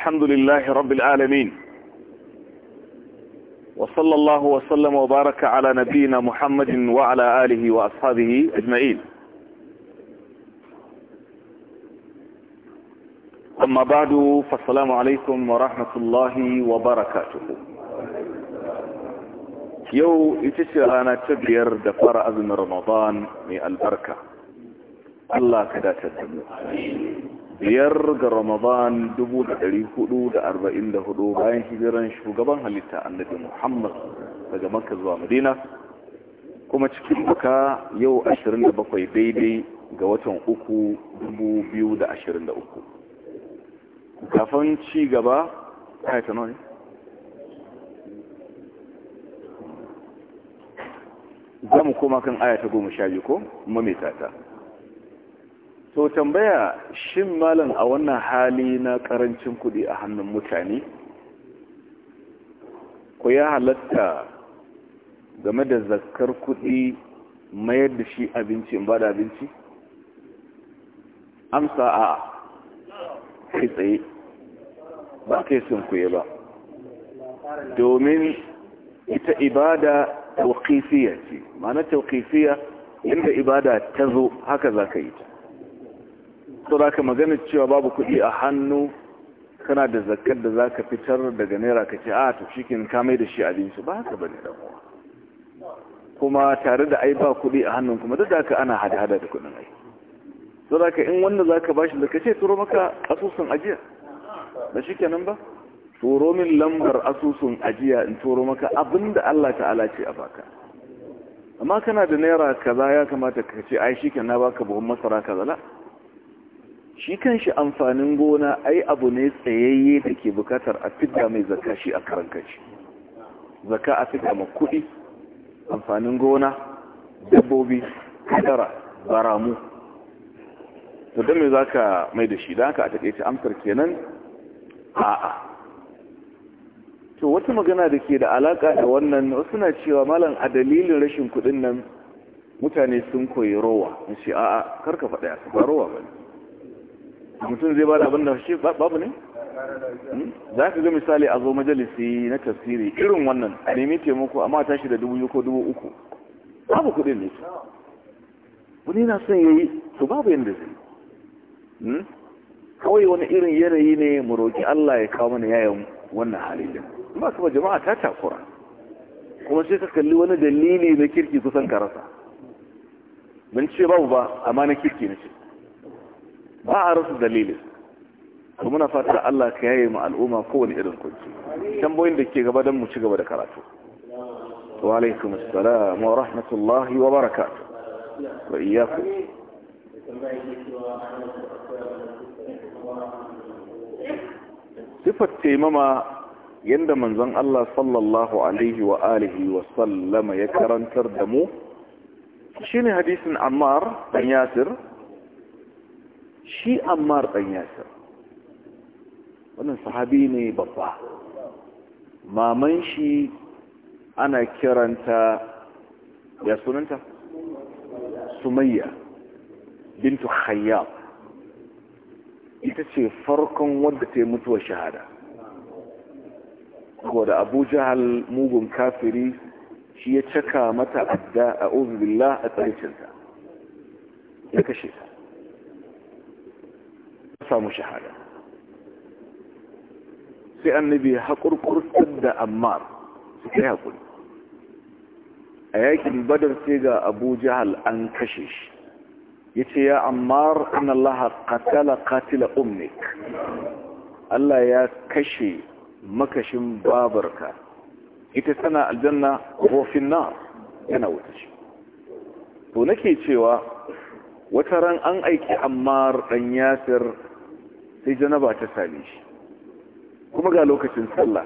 الحمد لله رب العالمين وصلى الله وسلم وبارك على نبينا محمد وعلى آله وأصحابه أجمعين أما بعد فالسلام عليكم ورحمة الله وبركاته يو يتشير أنا تبير دفار أذن رمضان من البركة الله كذا تدمو biyar ga ramadan 1444 bayan hijiran shugaban halitta annabi muhammad daga makka zuwa madina kuma cikin baka yau 27 daidai ga watan uku 2023 kafin ci gaba ayata nani za mu koma kan ayata goma sha biyu ko mamita ta to tambaya shin malam a wannan hali na karancin kuɗi a hannun mutane ko ya halatta game da zakar kuɗi mayar da shi abinci in ba abinci amsa a kai tsaye ba kai sun kuye ba domin ita ibada tauƙifiya ce ma'ana tauƙifiya inda ibada ta zo haka za ka yi ta saboda ka magana cewa babu kuɗi a hannu kana da zakar da za ka fitar daga naira ka ce a ah, to shi kin kamai da shi abinci ba haka bane dan uwa kuma tare da ai ba kuɗi a hannun kuma duk da haka ana hada-hada da kuɗin ai da ka in wanda za ka bashi da ka ce turo maka asusun ajiya da shi kenan ba turo min lambar asusun ajiya in turo maka abinda Allah ta'ala ce a baka amma kana da naira kaza ya kamata ka ce ai shi kenan ka buhun masara kaza la shi kan shi amfanin gona ai abu ne tsayayye da ke bukatar a fidda mai zaka shi a karankaci zaka a fidda ma kuɗi amfanin gona dabbobi kadara baramu to don mai za ka mai da shi da ka a taƙaice amsar kenan a'a to wata magana da ke da alaƙa da wannan wasu na cewa malam a dalilin rashin kuɗin nan mutane sun koyi rowa in ce a'a karka faɗa ya ba rowa ba ne mutum zai ba da abin da shi babu ne hmm? za ka ga misali a zo majalisi na tafsiri irin wannan a nemi taimako amma tashi da dubu ko dubu uku babu kuɗin ne wani na son yayi to babu yadda zai hmm? kawai wani irin yanayi ne mu roƙi Allah ya kawo mana yayin wannan halin ba kuma jama'a ta takura kuma sai ka kalli wani dalili na kirki kusan ka rasa mun ce babu ba amma na kirki na ce ba a rasu dalilin to muna fata Allah ka yaye mu al'umma kowane irin kunci Tamboyin da ke gaba don mu ci gaba da karatu wa alaikum assalam wa rahmatullahi wa barakatuh wa iyyakum sifar taimama yadda manzon Allah sallallahu alaihi wa alihi wa sallama ya karantar da mu shine hadisin Ammar dan Yasir shi ammar ɗan yasir wannan sahabi ne babba maman shi ana kiranta ya sunanta sumayya bintu khayyab ita ce farkon wadda ta yi mutuwar shahada wadda abu jahal mugun kafiri shi ya caka mata adda a ozubillah a tsaricinta ya kashe ta samu shahada sai annabi haƙurƙursar da ammar su kai haƙuri a yakin badar sai ga abu jihal an kashe shi ya ce ya ammar an allaha katala katila umnik allah ya kashe makashin babarka ita tana aljanna rofin na yana wuta shi to nake cewa wata ran an aiki ammar ɗan yasir sai janaba ta same shi kuma ga lokacin sallah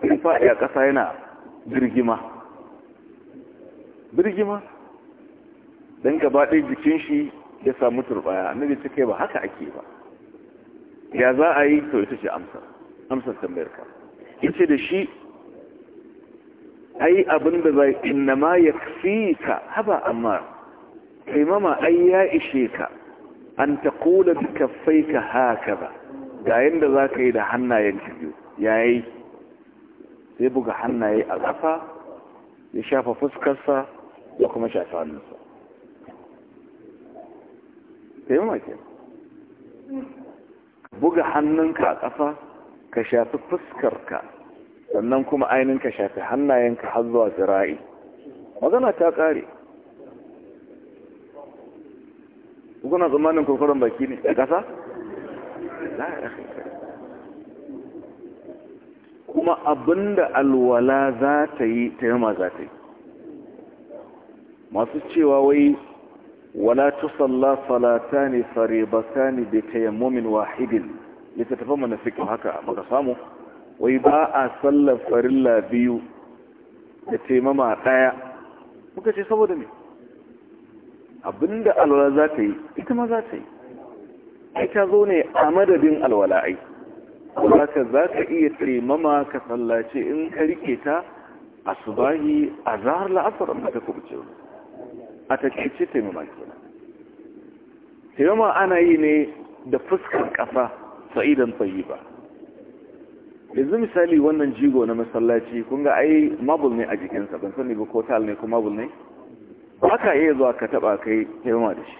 sai faɗi a ƙasa yana birgima birgima don gaba ɗaya jikin shi ya samu turbaya annabi ta kai ba haka ake ba ya za a yi to ita ce amsa amsar tambayarka ka da shi ai abin da zai inna ma ka haba amma kai mama ai ya ishe ka an ta kula da kafai ka haka ba ga yadda za ka yi da hannayen ya yi sai buga hannaye a ƙafa ya shafa fuskarsa ya kuma shafa hannunsa sai yi mace buga hannunka a ƙafa ka shafi fuskarka sannan kuma ainihin ka shafi hannayenka har zuwa zira'i magana ta ƙare kuna tsammanin kurkuren baki ne a ƙasa? kuma abinda alwala za ta yi taimama za ta yi masu cewa wai wala tusalla salata ne farebata ne da tayammomin wahidin ya ta tafi mana fikin haka maka samu wai ba a sallar farilla biyu da taimama ɗaya muka ce saboda ne abinda alwala za ta yi ita ma za ta yi ai ta zo ne a madadin alwala ai haka za ka iya taimama ka tsallace in ka rike ta a subahi a zahar la'asar amma ta kubuce a takaice taimama kenan taimama ana yi ne da fuskar ƙasa sa'idan tsayi ba yanzu misali wannan jigo na masallaci kun ga ai mabul ne a jikinsa ban sani ba ko tal ne ko mabul ne haka iya zuwa ka taba kai taimawa da shi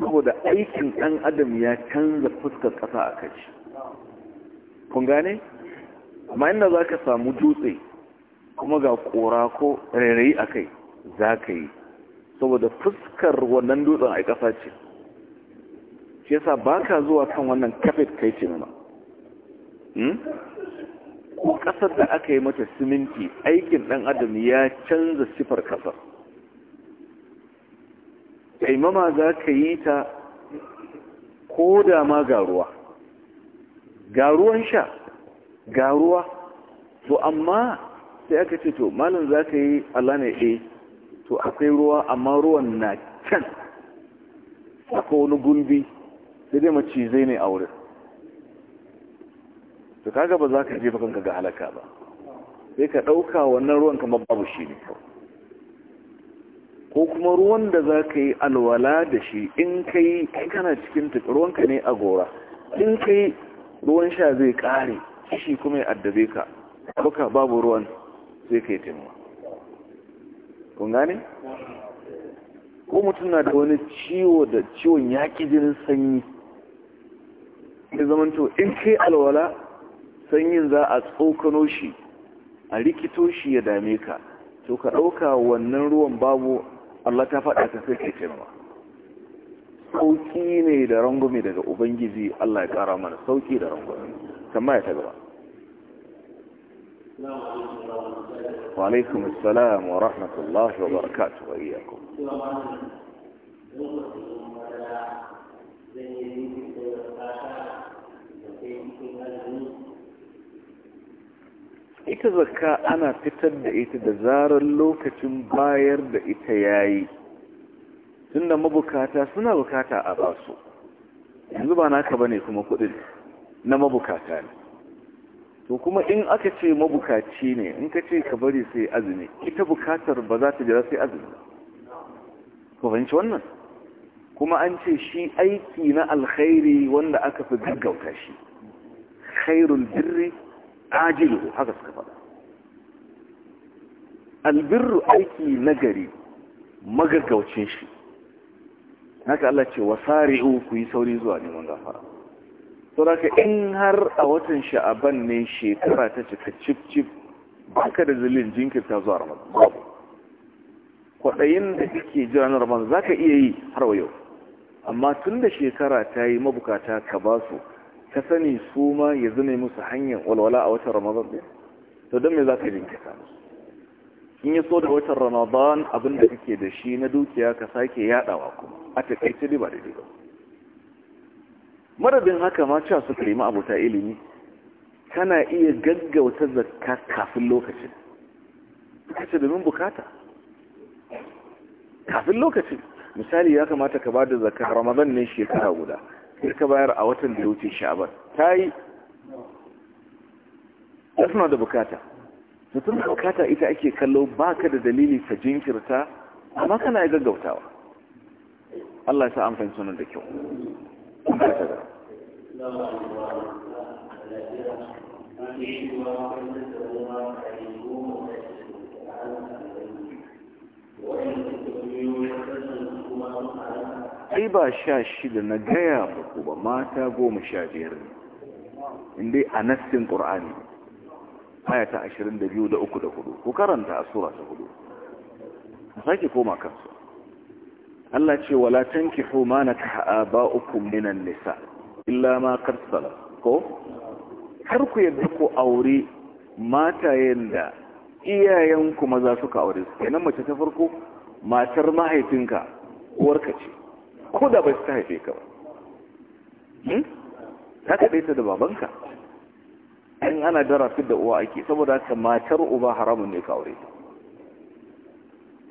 saboda aikin ɗan adam ya canza fuskar ƙasa a kai kun gane amma inda za ka samu dutse kuma ga ƙora ko rairayi a kai za ka yi saboda fuskar wannan dutsen a ƙasa ce shi yasa ba ka zuwa kan wannan kafet kai ce nuna ko ƙasar da aka yi mata siminti aikin ɗan adam ya canza sifar ƙasar taimama za ka yi ta ko da ma ga ruwa ga sha garuwa ruwa to amma sai aka ce to malin za ka yi alana e eh, to akwai ruwa amma ruwan na can akwai wani gulbi sai dai macizai ne a wurin to kaga ba za ka je ga halaka ba sai ka ɗauka wannan ruwan kamar babu shi ne ko kuma ruwan da za ka yi alwala da shi in ka yi kana cikin ruwanka ne a gora in ka yi ruwan sha zai kare shi kuma ya addabe ka baka babu ruwan sai ka yi taimawa kun gane? ko mutum na da wani ciwo da ciwon yaƙi jinin sanyi ya to in kai alwala sanyin za a tsokano shi a rikito shi ya dame ka to ka ɗauka wannan ruwan babu Allah ta faɗa ka sai kai taimama sauƙi ne da rangume daga ubangiji Allah ya ƙara mana sauki da rangume kama ya ta gaba wa alaikum assalam wa rahmatullahi wa barakatuh wa iyyakum ita zakka ana fitar da ita da zarar lokacin bayar da ita yayi tunda mabukata suna bukata a basu yanzu ba naka bane kuma kudin na mabukata ne to kuma in aka ce mabukaci ne in ka ce ka bari sai azumi ita bukatar ba za ta jira sai azumi ko fahimci wannan kuma an ce shi aiki na alkhairi wanda aka fi gaggauta shi khairul birri ajilu haka suka faɗa albirru aiki nagari magagaucin shi haka Allah ce wasari'u ku yi sauri zuwa neman gafara to da in har a watan sha'aban ne shekara ta cika cif cif baka da zalin jinkirta zuwa ramadan kwaɗayin da kake jira na ramadan zaka iya yi har yau amma tun da shekara ta yi mabukata ka ba su ka sani su ma ya zume musu hanyar walwala a watan ramadan ɗin to don me za ka jinkata ba? in yi so da watan ramadan abin da kake da shi na dukiya ka sake yaɗawa kuma a takaice ba da dido marabin haka ma cewa suka yi ma'abuta ilimi kana iya gaggauta zakka kafin lokacin suka ce domin bukata kafin lokacin misali ya kamata ka ba da zakka ramadan ne shekara guda sai bayar a watan da ya wuce sha'abar ta yi ta suna da bukata mutum da bukata ita ake kallo ba ka da dalili ka jinkirta amma kana yi gaggautawa Allah ya sa an fahimci da kyau Thank you. ai ba sha shida na gaya muku ba mata goma sha biyar ne inda a nassin ƙur'ani ayata ashirin da biyu da uku da hudu ku karanta a sura ta hudu sake koma kansu Allah ce wala tanki na ma ba uku minan nisa illa ma karsala ko Har ku yadda ku aure matayen da iyayenku maza suka aure su kenan mace ta farko matar mahaifinka uwarka ce ko da bai ta haife ka ba ta hmm? kaɗe ta da babanka in ana jara fi da uwa ake saboda haka matar uba haramun ne ka aure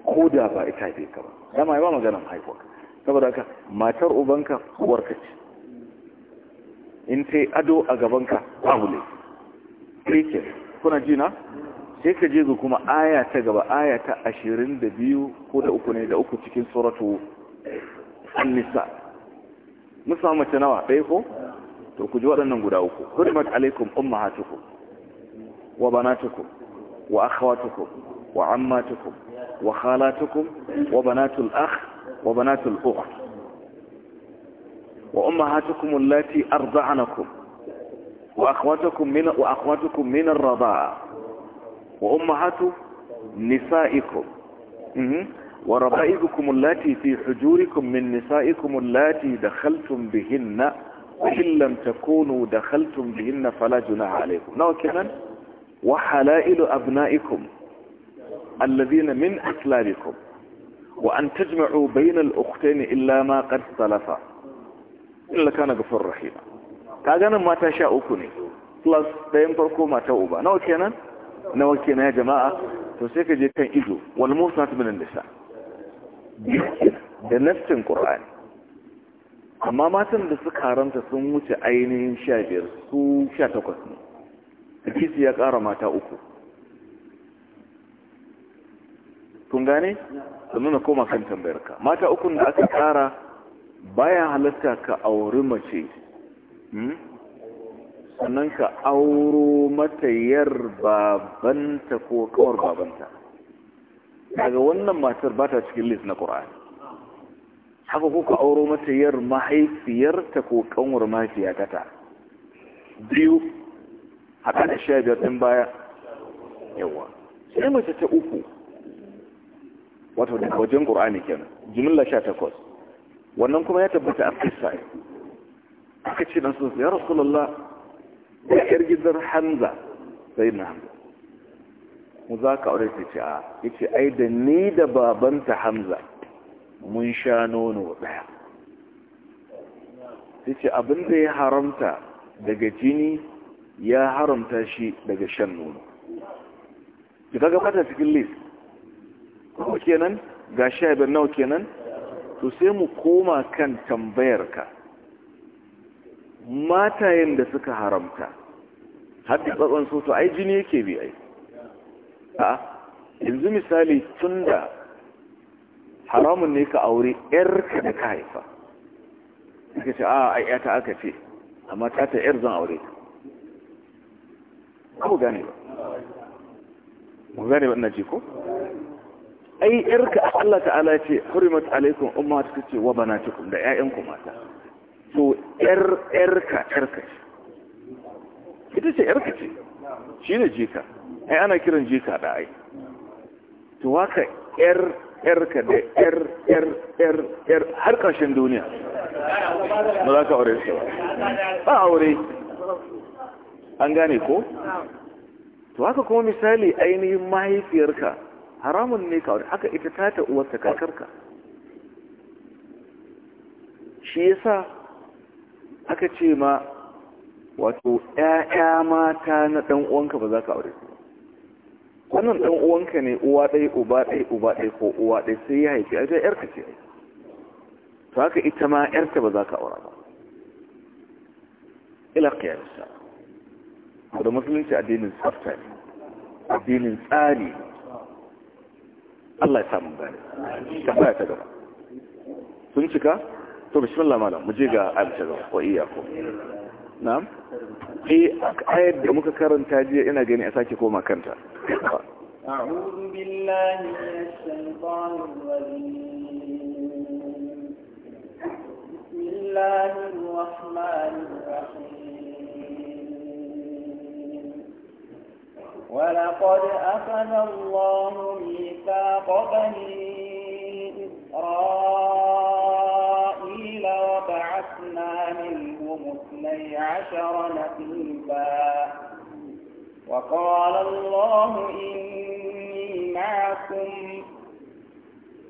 ko da ba ita haife ka ba dama yi ba maganan haifuwa saboda haka matar ubanka ka ce in sai ado a gabanka babu ne keke kuna jina sai ka je ga kuma aya ta gaba aya ta ashirin da biyu ko da uku ne da uku cikin suratu النساء مثل ما تنوى عليكم تكجوا لنا نقول حرمت عليكم أمهاتكم وبناتكم وأخواتكم وعماتكم وخالاتكم وبنات الأخ وبنات الأخ وأمهاتكم التي أرضعنكم وأخواتكم من, وأخواتكم من الرضاء وأمهات نسائكم وربائبكم اللاتي في حجوركم من نسائكم اللاتي دخلتم بهن وإن لم تكونوا دخلتم بهن فلا جناح عليكم نو كمان وحلائل أبنائكم الذين من أسلابكم وأن تجمعوا بين الأختين إلا ما قد سلفا إلا كان غفور رحيما كاغانا ما تشاؤكني plus ɗayan farko mata uba nawa kenan nawa kenan ya jama'a to sai ka je kan ido wal musa min nisa da naftin ƙur'ani amma matan da suka haramta sun wuce ainihin sha biyar su sha takwas ne Kisi ya ƙara mata uku kun gane sannan na koma kan tambayar ka mata ukun da aka ƙara bayan halatta ka auri mace hmm? sannan ka auro mata yar babanta ko kawar babanta daga wannan matar ba ta cikin lis na ƙura'ani haka kuka auro mata yar mahaifiyarta ko kanwar mafiya ta biyu haka da sha biyar ɗin baya yawa sai mace ta uku wato daga wajen ne kenan jimilla sha takwas wannan kuma ya tabbata a kisa aka ce nan sun ya rasulallah ya yar gizar hanza sai na hamza. mu za ka aure ta ce a ya ce ai da ni da babanta hamza mun sha nono daya ta ce abinda ya haramta daga jini ya haramta shi daga shan nono ki kaga fata cikin list kuma kenan ga sha ibn nawa kenan to sai mu koma kan tambayar ka matayen da suka haramta hadda tsatson so ai jini yake bi a yanzu misali tun da haramun ne ka aure yarka da ka haifa suka ce a a ta aka ce amma ta ta yar zan aure ta ku gane ba mu gane ba ina ce ko ai yarka Allah ta'ala ce hurimat alaikum ummatukum ce wa banatukum da ƴaƴanku mata so yar yarka yarka ce ita ce yarka ce shi ne jika ai ana kiran jika da ai to waka yar yar ka da yar yar yar yar har kashin duniya ba za ka aure su ba ba aure an gane ko to haka kuma misali ainihin mahaifiyarka haramun ne ka aure haka ita tata uwarta kakarka shi yasa aka ce ma wato ‘ya'ya mata na ɗan uwanka ba za ka aure su wannan dan uwanka ne uwa ɗaya uba ɗaya uba ɗaya ko uwa ɗaya sai ya haifi a sai yarka ce to haka ita ma yarka ba za ka aura ba ila qiyasa da musulunci addinin tsafta ne addinin tsari Allah ya samu gani ta fara ta gaba sun cika to bismillah malam mu je ga aisha wa iyakum na'am Eh, ayar da muka karanta jiya ina gani a sake koma kanta ولقد أخذ الله ميثاق بني وقال الله إني معكم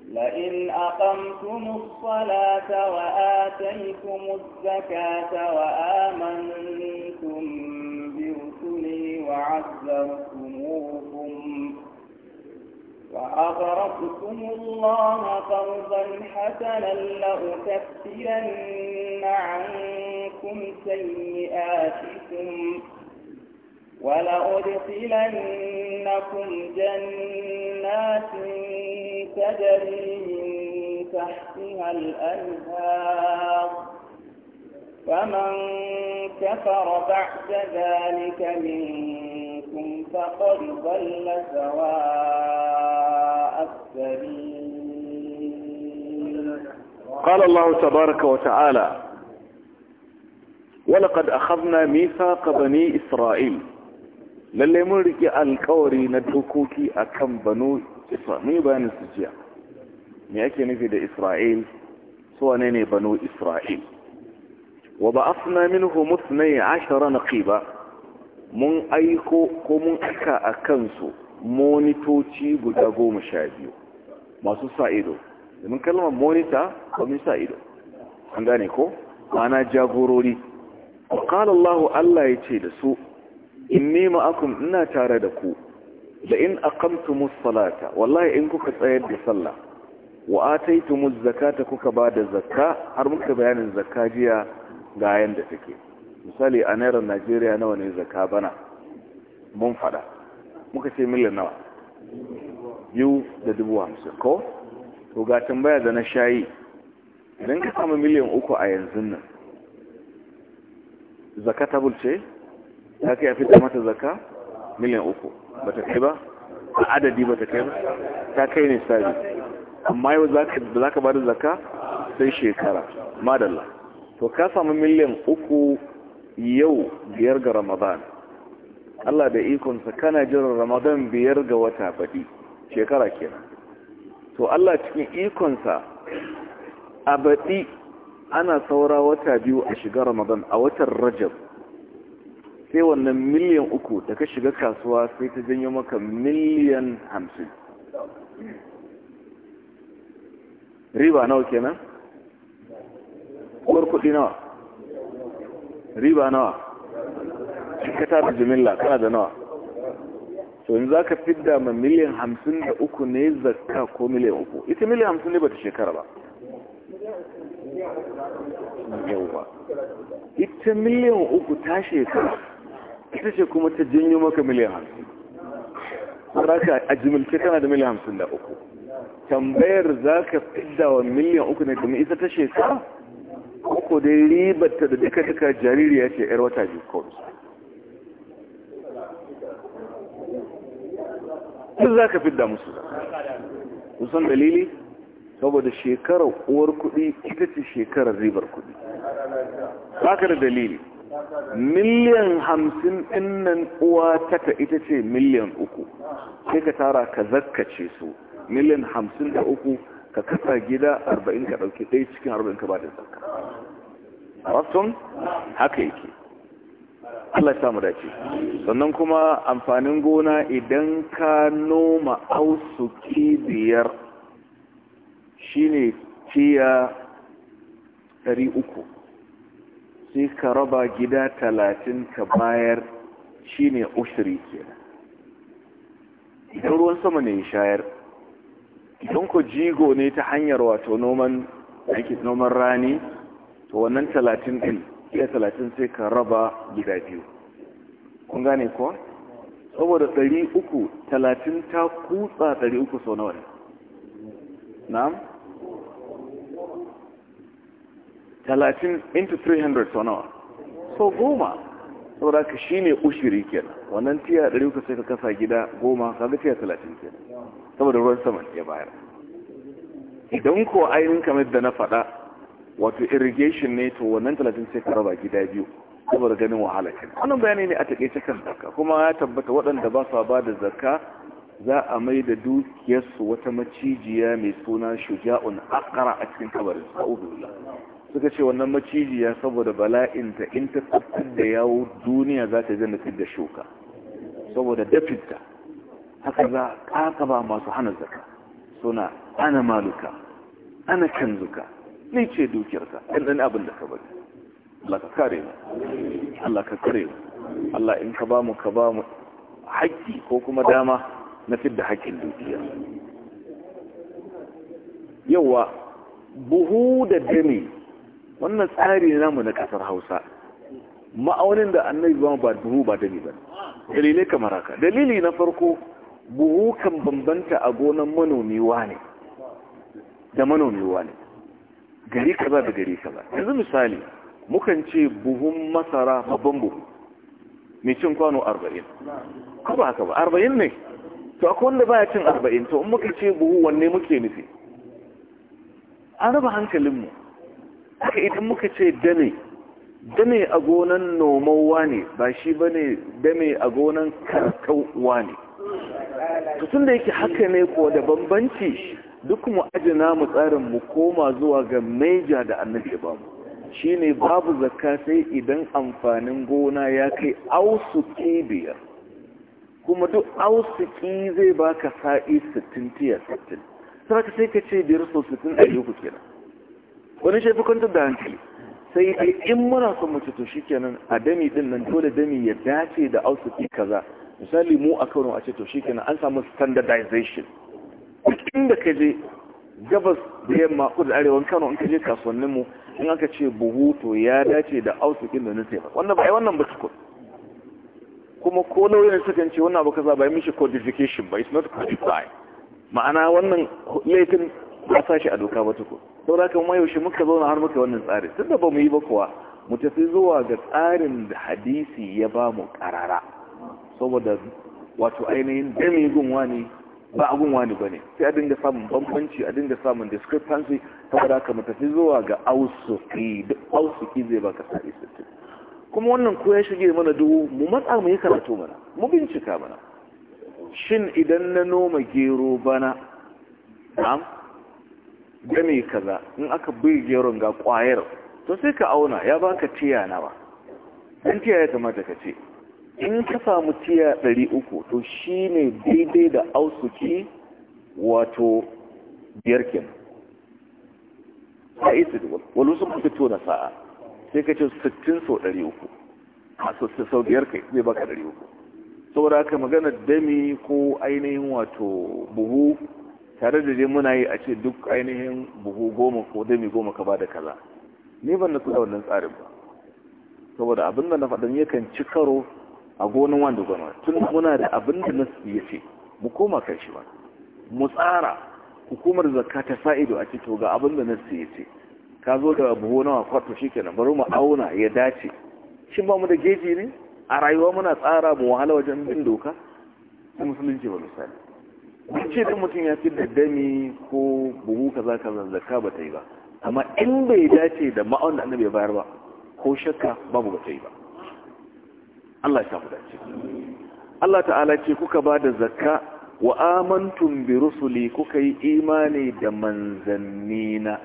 لئن أقمتم الصلاة وآتيتم الزكاة وآمنتم برسلي وعزرتموهم وأغرقتم الله قرضا حسنا لأكفرن عنكم سيئاتكم ولأدخلنكم جنات تجري من تحتها الأنهار فمن كفر بعد ذلك منكم فقد ضل سواء السبيل قال الله تبارك وتعالى ولقد أخذنا ميثاق بني إسرائيل lalle mun rike alkawari na dokoki akan banu isra'il mun yi bayanin su jiya me ake nufi da isra'il su wane ne banu isra'il wa ba'athna minhum 12 naqiba mun aiko ko mun aka akan su monitoci guda 12 masu sa ido domin kalmar monita kamin sa ido an gane ko ana jagorori qala Allah Allah yace da su inni ma'akum ina tare da ku da in aqamtumus salata wallahi in kuka tsayar da sallah wa ataitumuz zakata kuka bada zakka har muka bayanin zakka jiya ga yanda take misali a naira Najeriya nawa ne zakka bana mun fada muka ce miliyan nawa biyu da dubu hamsin ko to ga tambaya da na shayi idan ka samu miliyan uku a yanzu nan zakka tabul ce haka ya fita mata zaka miliyan uku ba ta kai ba a adadi ba ta kai ba ta kai ne sabi amma yau za ka ba da sai shekara madalla to ka samu miliyan uku yau biyar ga ramadan Allah da ikonsa kana jiran ramadan biyar ga wata faɗi shekara kenan to Allah cikin ikonsa a baɗi ana saura wata biyu a shiga ramadan a watan rajab sai wannan miliyan uku da ka shiga kasuwa sai ta janyo maka miliyan hamsin riba nawa kenan uwar kudi nawa riba nawa ka tara jimilla kana da nawa to yanzu za ka fidda ma miliyan hamsin da uku ne zakka ko miliyan uku ita miliyan hamsin ne ba ta shekara ba ita miliyan uku ta shekara ita ce kuma ta janyo maka miliyan hamsin saraka a jimilce tana da miliyan hamsin da uku tambayar za ka fidda wa miliyan uku ne domin ita ta sheka uku dai ribarta da duka duka ya ce yar wata biyu kawai za ka fidda musu da dalili saboda shekarar uwar kuɗi ita ce shekarar ribar kuɗi ba ka da dalili miliyan hamsin ɗinnan uwa taka ita ce miliyan uku sai ka tara ka zakkace su miliyan hamsin da uku ka kasa gida arba'in ka ɗauki ɗaya cikin arba'in ka ba da zakka rafton haka yake Allah samu dace sannan kuma amfanin gona idan ka noma ausu kibiyar shine ciya ɗari uku sai ka raba gida talatin ka bayar shi ne ushiri kenan idan ruwan sama ne shayar idan ku jigo ne ta hanyar wato noman aiki noman rani to wannan talatin ɗin iya talatin sai ka raba gida biyu kun gane kuwa saboda ɗari uku talatin ta kutsa ɗari uku sau nawa na'am talatin into 300 so nawa so goma saboda ka shi ne ushiri kenan wannan tiya ɗari uku sai ka kasa gida goma kaga tiya talatin kenan saboda ruwan saman ya bayar idan ko ainihin kamar da na faɗa wato irrigation ne to wannan talatin sai ka raba gida biyu saboda ganin wahala kenan wannan bayani ne a takaice kan zakka kuma ya tabbata waɗanda ba su ba da zakka za a mai da dukiyarsu wata macijiya mai suna shuja'un akara a cikin kabarin sa'udu suka ce wannan macijiya saboda bala'inta in ta tsaftar da yawo duniya za ta zana da shuka saboda dafinta haka za ƙaƙa ba masu hana zaka suna ana maluka ana zuka ni ce dukiyarka ɗan ɗan abin da ka bari Allah ka kare mu Allah ka kare mu Allah in ka ba mu ka ba mu haƙƙi ko kuma dama na fidda haƙƙin dukiya yawa buhu da dami wannan tsari namu na kasar hausa ma'aunin da annabi ba ba buhu ba dani ba dalilai kamar haka dalili na farko buhu kan bambanta a gonan manomi wane da manomi wane gari kaza da gari kaza yanzu misali mukan ce buhun masara babban buhu mai cin kwano arba'in ko ba haka ba arba'in ne to akwai wanda baya cin arba'in to in muka ce buhu wanne muke nufi an raba hankalinmu haka idan muka ce dame dame a gonan nomawa ne ba shi ba ne dame a gonan karkauwa ne tutun da yake haka ne ko da bambanci duk mu ajina mu tsarin mu koma zuwa ga meja da annabi ba mu shine babu zakka sai idan amfanin gona ya kai ausu biyar kuma duk ki zai baka sa'i 60 tiya 60 sai ka ce biyar so 60 a yi hukunan wani shafi kwantar da hankali sai in muna son mace to shikenan a dami din nan dole dami ya dace da ausufi kaza misali mu a kano a ce to shikenan an samu standardization da ka je gabas da yamma ko da arewan kano in ka je kasuwannin mu in aka ce buhu to ya dace da ausufi da nufe wannan ba ai wannan ba tukun kuma ko lauyan sukan ce wannan abu kaza ba yi mishi codification ba it's not codified ma'ana wannan laifin ba sa shi a doka ba tukun saboda kuma yaushe muka zauna har muka wannan tsari da ba mu yi ba kuwa mu tafi zuwa ga tsarin da hadisi ya ba mu karara saboda wato ainihin dami gunwa ne ba a gunwa ne ba ne sai a dinga samun bambanci a dinga samun discrepancy saboda ka mu tafi zuwa ga ausuki da ausuki zai baka sa'i sittin kuma wannan ko ya shige mana duhu mu matsa mu yi karatu mana mu bincika mana shin idan na noma gero bana Gami kaza in aka birge runga kwayar to sai ka auna ya baka tiya nawa in tiya ya kama ka ce in ka samu tiya 300 to shine daidai da ausuki wato biyar kenan isa isi wani sun kuka tona sa'a sai ka ce 60 sau 300 a sau biyar kai zai baka 300 saboda aka magana dami ko ainihin wato buhu tare da dai muna yi a ce duk ainihin buhu goma ko dami goma ka ba da kaza ni ban nutsu da wannan tsarin ba saboda abin da na faɗin yakan ci karo a gonin wanda gona tun muna da abin da na ya ce mu koma kan shi ba mu tsara hukumar zakka ta sa'ido a cikin ga abin da na ya ce ka zo da buhu nawa kwato shikenan bari mu auna ya dace shin ba mu da geji ne a rayuwa muna tsara mu wahala wajen bin doka musulunci ba misali ce da mutum ya fi da dami ko buhu kaza kaza zakka ba ta yi ba amma in bai dace da ma'aun da annabi bayar ba ko shakka babu ba ta yi ba Allah ya samu dace Allah ta'ala ce kuka ba da zakka wa amantum bi rusuli kuka yi imani da manzannina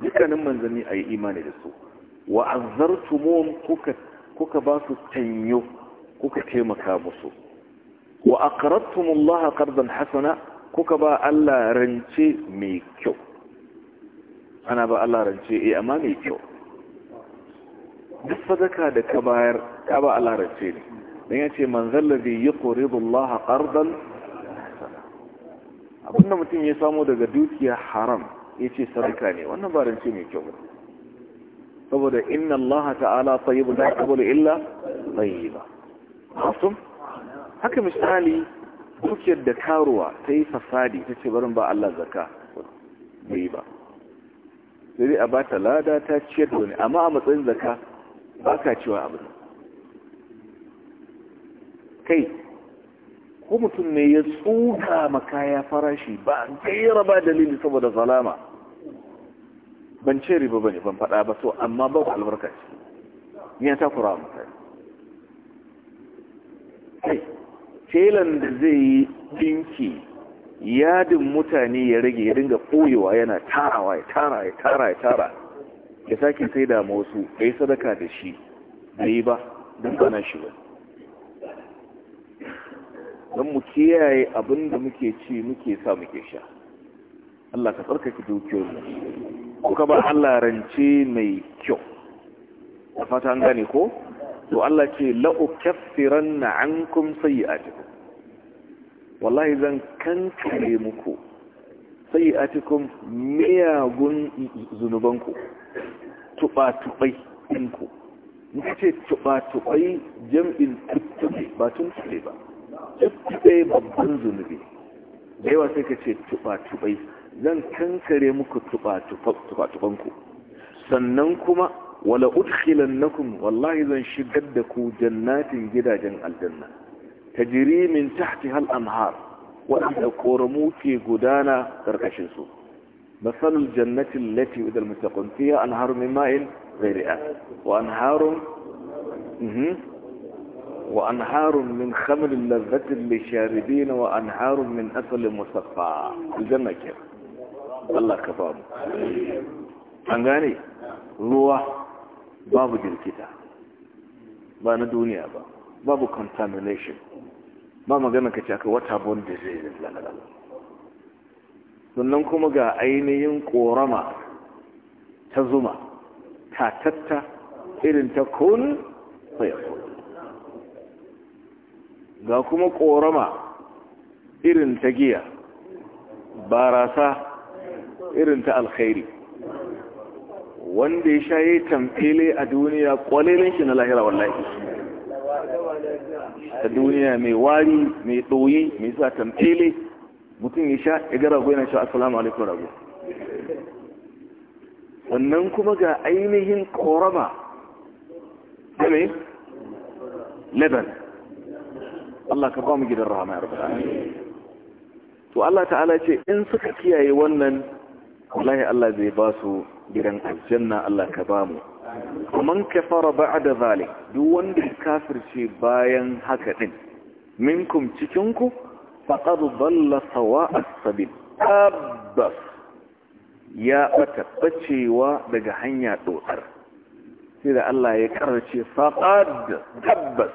dukkanin manzanni a yi imani da su wa azzartumum kuka kuka ba su tanyo kuka taimaka musu wa aqradtumullaha qardan hasana kuka ba Allah rance mai kyau ana ba Allah rance eh amma mai kyau duk sadaka da ka bayar ka ba Allah rance ne dan yace man zallazi yuqridullaha qardan abunda mutum ya samu daga dukiya haram yace sadaka ne wannan ba rance mai kyau saboda inna Allah ta'ala tayyibun la yaqbalu illa tayyiba. hasum haka misali dukiyar da karuwa ta yi fasadi ta ce barin ba Allah zaka bai ba sai a bata lada ta ciyar da wani amma a matsayin zaka ba ka cewa abin kai ko mutum ne ya tsuka kaya farashi ba gaira ba dalili saboda zalama ban ce riba ba ne ban faɗa ba so amma ba ku albarka ce ya takura mutane telan da zai yi dinki yadin mutane ya rage ya dinga koyewa yana tarawa ya tara ya tara ya tara ya sake sai da wasu bai sadaka da shi bai ba don bana shi ba don mu kiyaye abinda muke ci muke sa muke sha Allah ka tsarkake dukiyoyi ko ka ba Allah rance mai kyau da fata an gane ko to Allah ce la'ukaffiran na an kum cikin wallahi zan kankare muku cikin miyagun zunubanku tuba-tubai inku muka ce tuba-tubai jam'in tuttube ba tun tuttube ba tuttube babban zunubi da yawa sai ka ce tuba-tubai zan kankare muku tuba-tubanku sannan kuma wala udkhilannakum wallahi zan shigar da ku jannatin gidajen aljanna tajri min tahtiha al-anhar waɗanda koramu ke gudana karkashin su masalul jannati allati idal muttaqin fiha anharu min ma'in ghairi ath wa anharu wa anharun min khamrin ladhatin lisharibin wa anharun min asalin musaffa aljanna ke Allah ka ba mu an gane ruwa babu jirkita ba na duniya ba babu contamination ba magana ka ce aka waterborne diseases lalala sannan kuma ga ainihin korama ta zuma ta tatta irin ta kun sai ga kuma korama irin ta giya barasa irin ta alkhairi wanda ya shaye tamfele a duniya kwalilin shi na lahira wallahi a duniya mai wari mai ɗoyi mai sa tamfele mutum ya sha ya gara goyi na sha assalamu alaikum rabu wannan kuma ga ainihin korama ne leban Allah ka ba mu gidan rahama ya rubuta to Allah ta'ala ce in suka kiyaye wannan wallahi Allah zai ba su gidan aljanna Allah ka bamu mu man kafara ba'da zalik duk wanda kafirce bayan haka din minkum cikin ku faqad dalla sawa'a sabil abbas ya bata bacewa daga hanya dotsar sai da Allah ya karance faqad tabbas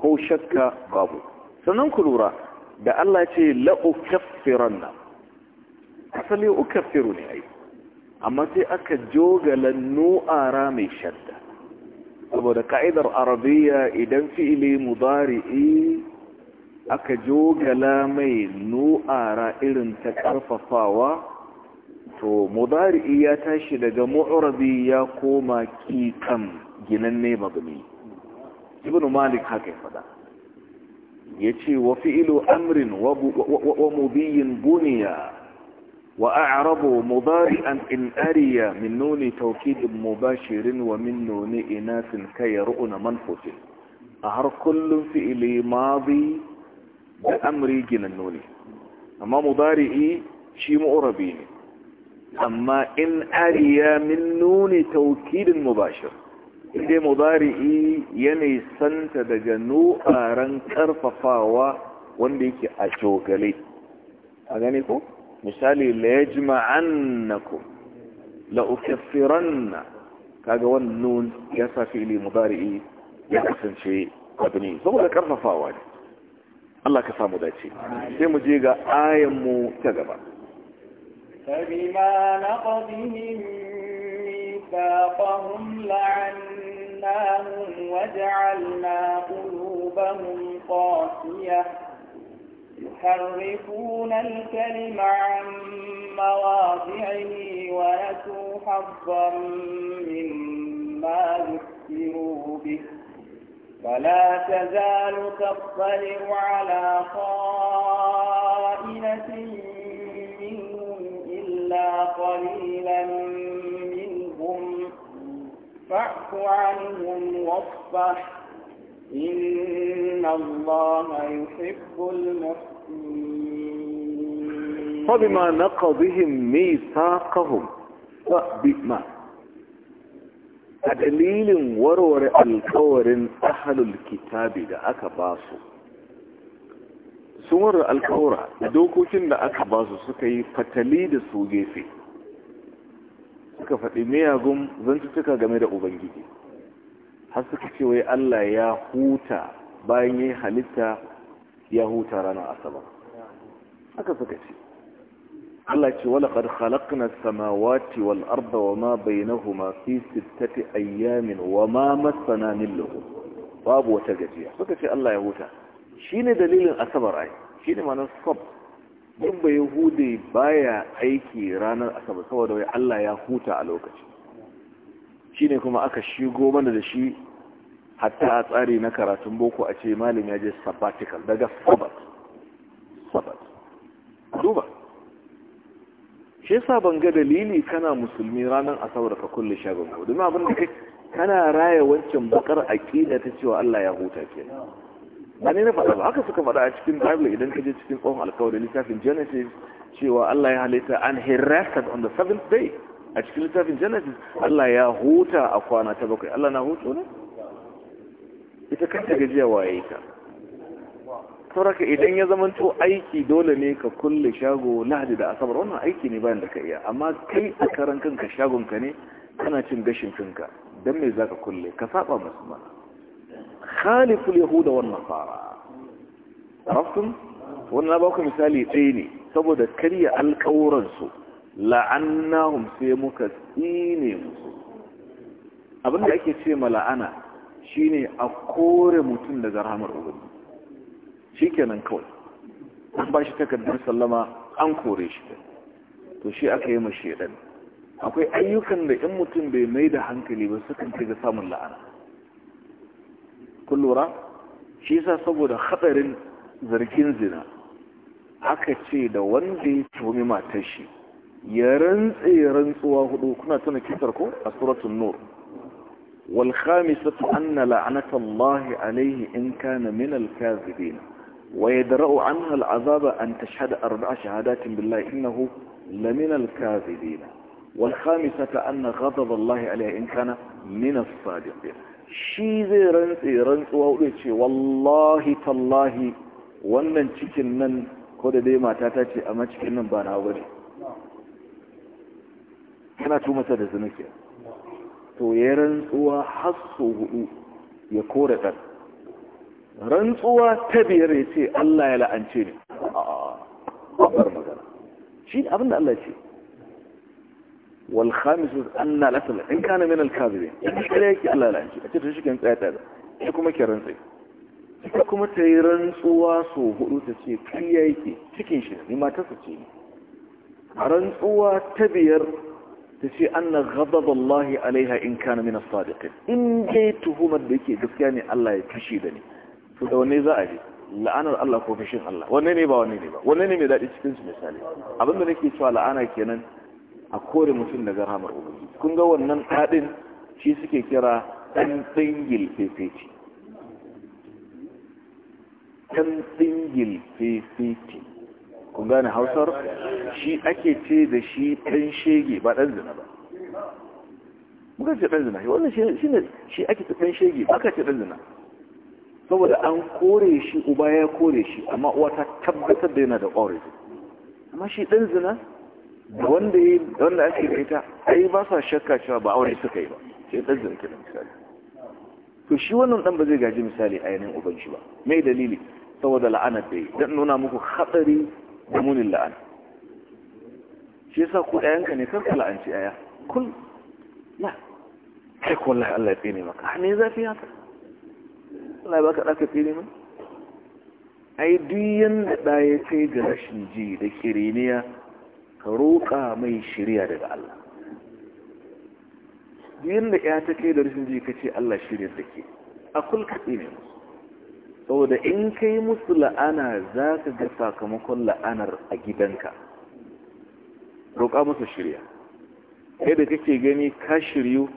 ko shakka babu sannan ku lura da Allah ce la ukaffiranna asali ukaffiru ne ai amma sai aka jogala nu'ara mai shadda saboda ka'idar arabiya idan fi'ili mudari'i aka jogala mai nu'ara irin ta karfafawa to mudari'i ya tashi daga mu'rabi ya koma kikan ginanne mabni ibn malik haka ya fada yace wa ilo amrin wa mubiyin buniya وأعرب مضارئا إن أري من نون توكيد مباشر ومن نون إناث كيرؤن منفوس أهر كل فئل ماضي بأمري جن النون أما مضارئي شي مؤربين أما إن أري من نون توكيد مباشر إذا مضارئي يني سنت دجنو أرن كرففاوا وانديك أشوكلي أغانيكو misali la yajma'annakum la ukaffiranna kaga wannan nun ya sa fi'li mudari'i ya kasance abni saboda karfafawa ne Allah ka samu dace sai mu je ga ayan mu ta gaba فبما نقضهم ميثاقهم لعناهم وجعلنا قلوبهم قاسية يحرفون الكلم عن مواضعه ونسوا حظا مما ذكروا به فلا تزال تطلع على خائنة منهم إلا قليلا منهم فاعف عنهم واصفح إن الله يحب المحسنين فبما نقضهم ميثاقهم فبما a dalilin warware alkawarin ahalul kitabi da aka ba su sun warware da dokokin da aka ba su suka yi fatali da su gefe suka faɗi miyagun zantuttuka game da ubangiji har ce wai allah ya huta bayan yi halitta ya huta ranar asabar Aka suka ce Allah ce wala qad khalaqna as-samawati wal arda ma bainahuma fi sittati ayyamin ma massana min lughub babu wata gajiya suka ce Allah ya huta shine dalilin asabar ai shine ma'anar sab duk bai hude baya aiki ranar asabar saboda wai Allah ya huta a lokaci shine kuma aka shigo mana da shi hatta a tsari na karatun boko a ce malin ya je sabbatical daga sabbat sabbat duba shi sabon ban ga dalili kana musulmi ranar asabar ka kulle shagon ko domin abin da kana raya wancan bakar aqida ta cewa Allah ya huta kenan ba ne na faɗa ba haka suka faɗa a cikin bible idan ka je cikin tsohon alkawarin littafin genesis cewa Allah ya halitta an he rested on the seventh day a cikin littafin genesis Allah ya huta a kwana ta bakwai Allah na hutu ne ita kanta gajiya waye ta sauraka idan ya zamanto aiki dole ne ka kulle shago lahadi da asabar wannan aiki ne bayan da ka iya amma kai a karan kanka shagonka ne kana cin gashin kanka don me za ka kulle ka saba musu ma khaliful yahuda wan nasara araftum wannan na baku misali ɗaya ne saboda karya alƙawuransu su la'annahum sai muka tsine musu abinda ake ce ma la'ana shine a kore mutum daga rahamar ubangiji shikenan kawai an ba shi takardar sallama an kore shi to shi aka yi mashi dan akwai ayyukan da in mutum bai mai da hankali ba sukan kai ga samun la'ana kullura shi yasa saboda hadarin zargin zina aka ce da wanda ya tumi matar shi ya rantse rantsuwa hudu kuna tana kisar ko a suratun nur والخامسة أن لعنة الله عليه إن كان من الكاذبين ويدرأ عنها العذاب أن تشهد أربع شهادات بالله إنه لمن الكاذبين والخامسة أن غضب الله عليه إن كان من الصادقين shi رنسي رنسي rantsuwa hudu ce wallahi tallahi wannan cikin nan ko da dai mata ta ce amma cikin nan ba to ya rantsuwa har su hudu ya kore ɗan rantsuwa ta biyar ya ce Allah ya la'ance ne a bar magana shi abin abinda Allah ce walhamisu an na lasal in kana min al ne. in kare yake Allah ya la'ance a cikin to tsaye kan tsaya kuma ke rantsi ita kuma ta yi rantsuwa su hudu ta ce kai yake cikin shi ne su ce ne rantsuwa ta biyar ta ce an na ghadaballahi alaiha in kana min sadiqin in dai tuhumar da yake gaskiya ne Allah ya fushi da ni to da wanne za a ji la'anar Allah ko fushin Allah wanne ne ba wanne ne ba wanne ne mai daɗi cikin su misali abin da nake cewa la'ana kenan a kore mutum daga rahamar ubangi kun ga wannan ɗaɗin shi suke kira ɗan ɗingil fefeci ɗan ɗingil fefeci kun gane hausar shi ake ce da shi ɗan shege ba ɗan zina ba muka ce ɗan zina wannan shi ne shi ake ce ɗan shege ba ka ce ɗan zina saboda an kore shi uba ya kore shi amma uwa ta tabbatar da yana da ƙwarai amma shi ɗan zina da wanda yi wanda ake kaita ai ba sa shakka cewa ba aure suka yi ba sai ɗan zina kenan misali to shi wannan ɗan ba zai gaji misali a yanayin uban shi ba mai dalili saboda la'anar da yi don nuna muku hatsari da munin la'ana shi yasa ku ɗayanka ne karka la'anci aya kun la kai ko wallahi Allah ya tsine maka ne ah, ne zafi haka Allah ya baka ɗaka tsine min ai duk yanda ɗa ya kai ga rashin ji da kiriniya ka roƙa mai shirya daga Allah duk yanda ya ta kai da rashin ji ka ce Allah shirya take a kulka tsine musu saboda in ka yi musu la'ana za ka ga sakamakon la'anar a gidanka roƙa musu shirya kai da kake gani ka shiryu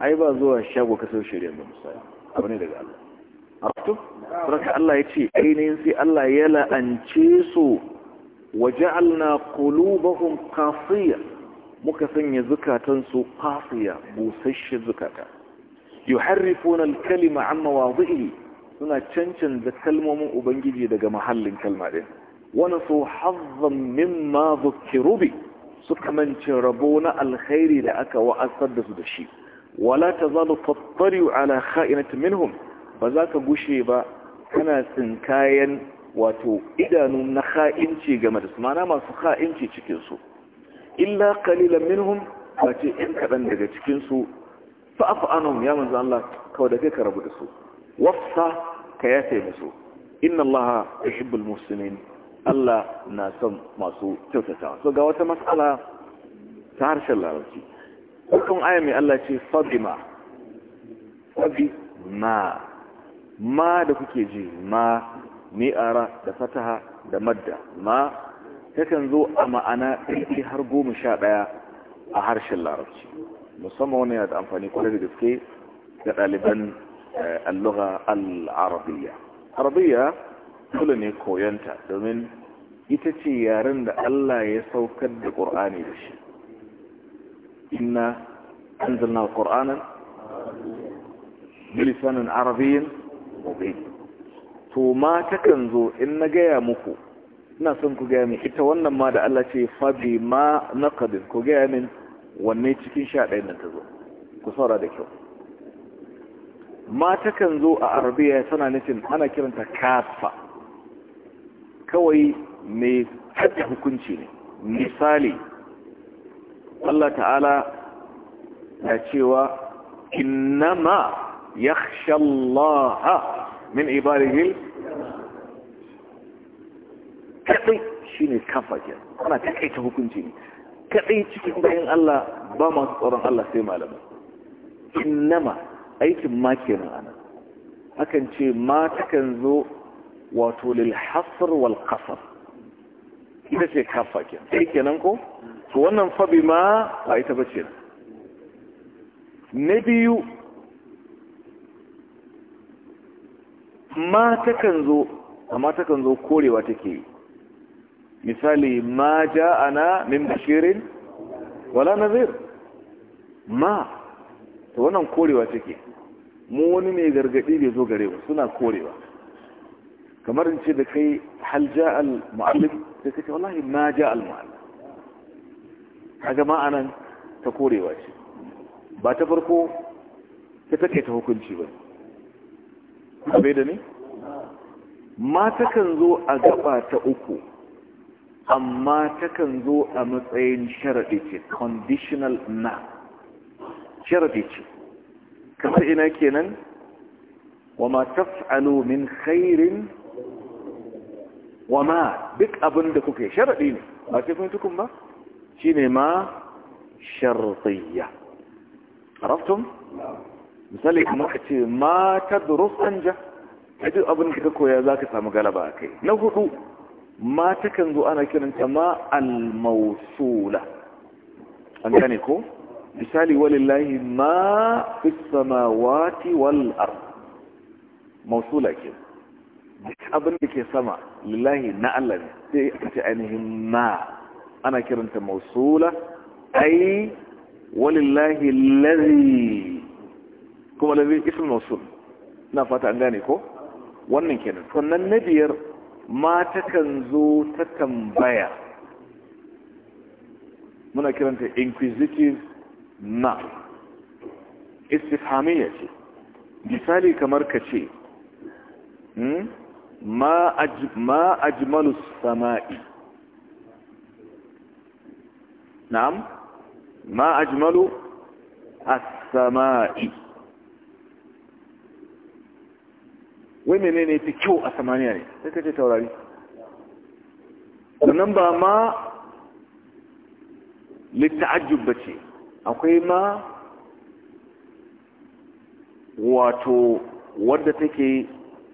ai ba zuwa shago ka sau shirya ba musaya abu ne daga Allah abtu raka Allah ya ce ainihin sai Allah ya la'ance su Waje waja'alna qulubahum kafiya muka sanya zukatansu kafiya busasshe zukata yuharrifuna al-kalima an suna cancanta kalmomin ubangiji daga mahallin kalma ɗin. wani so hazzan min ma bi suka manci rabo na alkhairi da aka wa'asar da su da shi wala ta tazalu tattari'u ala kha'inatin minhum ba za ka gushe ba kana sin kayan wato idanu na kha'inci game da su mana masu kha'inci cikinsu illa kalilan minhum ba ce ‘yan kaɗan daga cikinsu fa'afa anum ya manzan Allah kawai da kai ka rabu da su wafsa ka ya taimaso, inna allaha yuhibbul muslimin Allah na son masu kyautata, so ga wata matsala ta harshen larabci hukun aya mai Allah ce ma fadima ma da kuke ji ma ni'ara da fataha da madda ma takan zo a ma'ana ɗaiɗi har goma sha ɗaya a harshen larabci musamman wani yana da amfani kwanar da gaske ga ɗaliban اللغة العربية عربية dole ne koyonta domin ita ce yaren da Allah ya saukar da Qur'ani da shi inna anzalna al-Qur'ana bilisanin arabiyyin mubin to ma takan zo in na gaya muku ina son ku gaya min ita wannan ma da Allah ce fabi ma naqadin ku gaya min wanne cikin sha ɗayan nan ta zo ku saura da kyau mata kan zo a arabiya tana nufin ana kiranta kafa kawai mai haɗe hukunci ne misali Allah ta'ala ya cewa innama ya shallaha min ibarihil kaɗai shi ne kafa ke ana taƙaita hukunci ne kaɗai cikin bayan Allah ba masu tsoron Allah sai malama innama aikin ma kenan ana akan ce ma kan zo wato lil hasr wal qasr ita ce kafa ke sai kenan ko to wannan fa ma ba ita bace na biyu ma kan zo amma kan zo korewa take yi misali ma ja ana min bashirin wala nazir ma to wannan korewa take mu wani mai gargadi bai zo gare ba suna korewa kamar in ce da kai hal ja al mu'allim sai kace wallahi ma ja al mu'allim kaga ma'anan ta korewa ce ba ta farko ta take ta hukunci ba abai da ni ma kan zo a gaba ta uku amma takan zo a matsayin sharaɗi ce conditional na sharaɗi ce kamar ina kenan wa ma taf'alu min khairin wa ma duk abin da kuke sharaɗi ne ba sai kun tukun ba shi ne ma shartiyya araftum misali kuma ka ce ma ta durusan duk abin da ka koya za ka samu galaba kai na hudu ma ta kan zo ana kiranta ma al an gane ko misali walillahi ma fi samawati wal ard mausula ke abin da ke sama lillahi na Allah ne sai aka ce ainihin ma ana kiranta mausula ai walillahi lazi kuma lazi ism mausul na fata an gane ko wannan kenan sannan na biyar ma kan zo ta tambaya muna kiranta inquisitive na istifhamiyya ce misali kamar ka ce hmm, ma ajmalu sama'i na'am ma ajmalu as-sama'i wai menene fi kyau a samaniya ne sai ka ce taurari sannan ba ma litta'ajjub ba ce akwai ma wato wadda take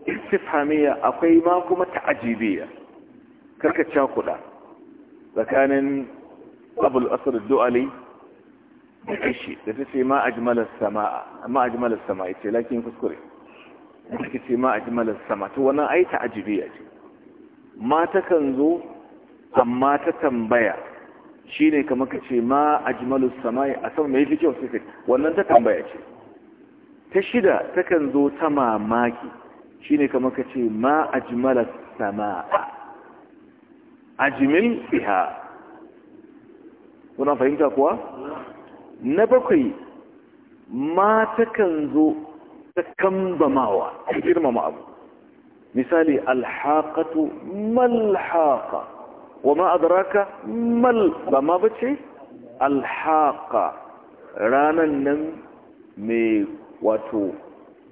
istifamiya akwai ma kuma ta'ajibiya karka cakuda tsakanin abul asr du'ali da kishi da ta ce ma ajmalar sama'a ma ajmalar sama ce lakin kuskure da ta ce ma ajmalar sama to wannan ai ta'ajibiya ce ma ta kan zo amma ta tambaya shi ne kama ka ce ma a jimalus samai a sama mai fi kyau sai wannan ta tambaya ce ta shida ta kan zo ta mamaki shi ne kama ka ce ma a jimalus sama a jimil biha kuna fahimta kuwa na bakwai ma ta kan zo ta kambamawa girmama abu misali alhaƙatu malhaƙa وما أدراك مل بما بچه الحاقة رانا نم مي واتو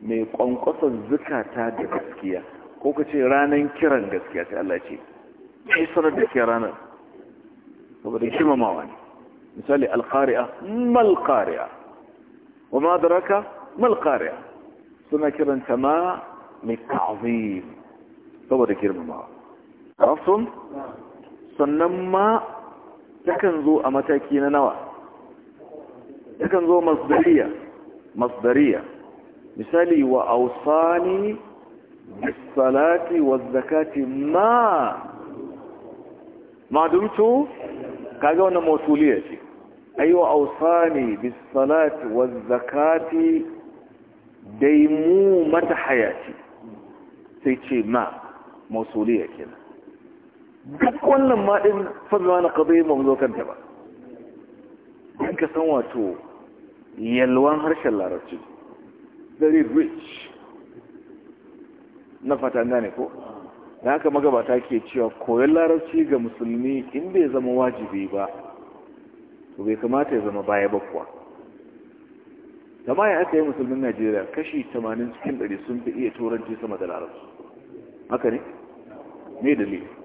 مي قنقص الزكاة دي بسكية كوكا چه رانا كران بسكية الله چه حصر بسكية رانا فبدا كلمة ماواني مثالي القارئة ما القارئة وما أدراك ما القارئة سنة كران تما من تعظيم فبدا كلمة ماواني عرفتم؟ نعم sannan ma takan zo a mataki na nawa takan zo masdariya masdariya misali wa ausani bisalati ma ma kaga wannan mausuliya ce aiwa ausani bisalati wa daimu mata hayati sai ce ma mausuliya kenan duk wannan maɗin din fadla na ƙazai ba mu zo kanta ba in ka san wato yalwan harshen larabci very rich na fata ne ko da haka magabata ke cewa koyon larabci ga musulmi in bai zama wajibi ba to bai kamata ya zama baya bakwa ya aka yi musulmin najeriya kashi 80 cikin 100 sun fi iya turanci sama da larabci haka ne me dalilin.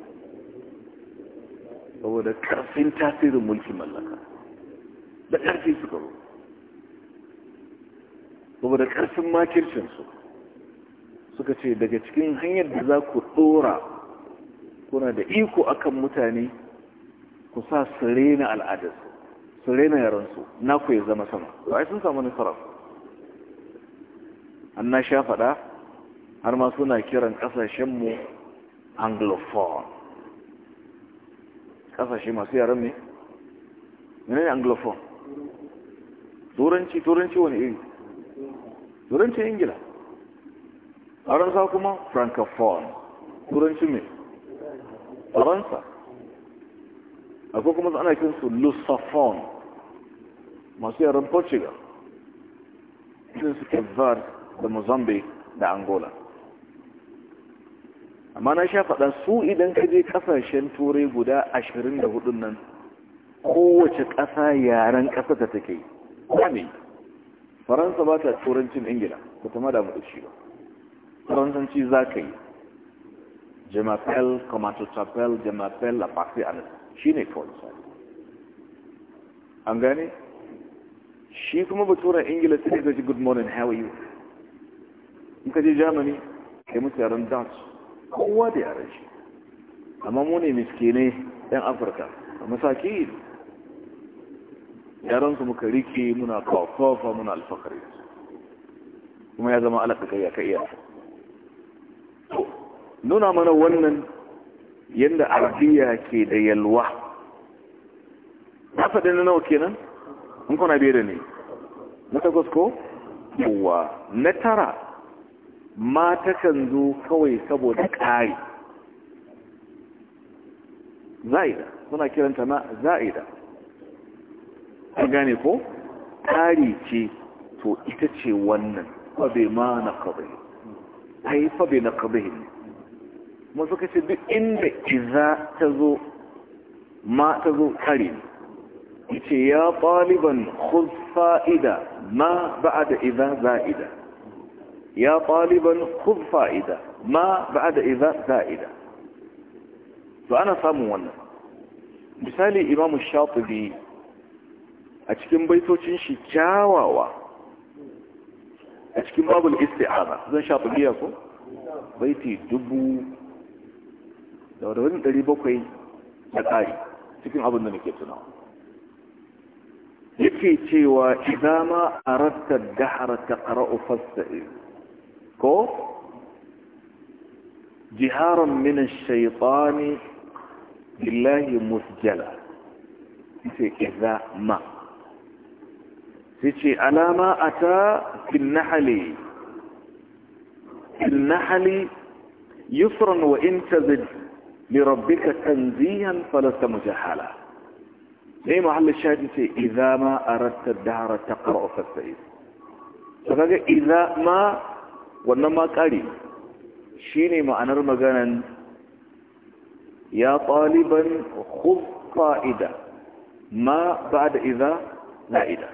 saboda karfin tasirin mulkin mallaka da karfi suka zo saboda karfin makircinsu suka ce daga cikin hanyar da za ku tsora kuna da iko akan mutane ku sa Sirena al'adarsu Sirena yaransu na ku ya zama sama ba sun samu nasara an na sha faɗa har ma suna kiran ƙasashenmu anglophone kasashe masu yaren ne ne ne anglophone turanci turanci wani iri turanci ingila faransa kuma francophone turanci mai faransa akwai kuma ana kinsu lusophone masu yaren portugal sun su kevzar da mozambique da angola amma na sha faɗa su idan ka je ƙasashen turai guda ashirin da hudun nan kowace ƙasa yaren ƙasa ta take kwame faransa ba ta turancin ingila ba ta mada mutu shi ba faransanci za ka yi jamapel kamatotapel jamapel la pafi a nan shi ne kawai misali an gane shi kuma baturan ingila sai ga ji good morning how are you in ka je germany kai musu yaren dutch kowa da yaran shi amma mu ne miskine yan afirka a masaki yaran su muka rike muna kawafa muna alfakari kuma ya zama alaƙa kai ya iya nuna mana wannan yadda arziya ke da yalwa ya faɗi na nawa kenan in kuna bai da ne na takwas ko? na tara mata kan zo kawai saboda ƙari za'ida suna kiranta na za'ida an gane ko ƙari ce to ita ce wannan fabe ma na kabe ai fabe na kabe ne masu kace duk inda iza ta zo ma ta zo ƙari ne ita ya ɗaliban khuz fa'ida ma a da iza za'ida يا طالبا خذ فائدة ما بعد إذا فائدة فأنا صامونا مثالي إمام الشاطبي أتكلم بيتوتين شي كاواوا أتكلم باب الاستعانة هذا الشاطبي يقول بيتي دبو لو رغم تريبوكي الآي cikin abin النميكي تنعو يكي yake إذا ما أردت dahara تقرأ fasta'id كوف جهارا من الشيطان بالله مسجلا في إذا ما في على ما أتى في النحل في النحل يسرا وإن تزد لربك تنزيها فلست مجهلا أي محل الشاهد إذا ما أردت الدهر تقرأ فاستعيذ فقال إذا ما wannan ma ƙari shi ne ma'anar maganan ya ɗaliban ƙa'ida ma ba da iza la'ida